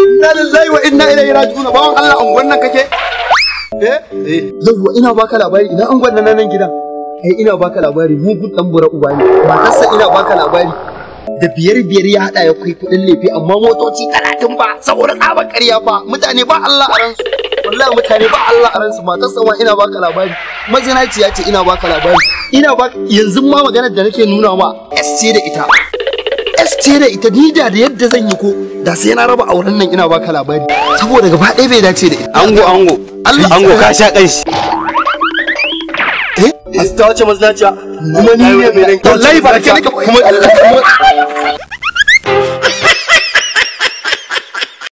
Inna lillahi wa inna ilaihi raji'un bawan Allah nan kake? Eh? Eh. ina baka labari ina nan nan gidan. Kai ina baka labari dan bura uba ne. Matarsa ina baka labari da biyar biyar ya hada ya kai kudin lefe amma motoci talatin ba saboda tsabar ba mutane ba Allah a ransu wallahi mutane ba Allah a ransu matarsa ina baka labari mazinaciya ce ina baka labari ina yanzu ma maganar da nake nuna ma SC da ita S ce da ita ni da yadda zan yi ko da sai na raba auren nan ina baka labari saboda gaba ɗaya bai dace da ita ango ango Allah ango ka sha shi. eh ta wace mazinaciya kuma ni ne mai ranke wallahi ba ka kuma Allah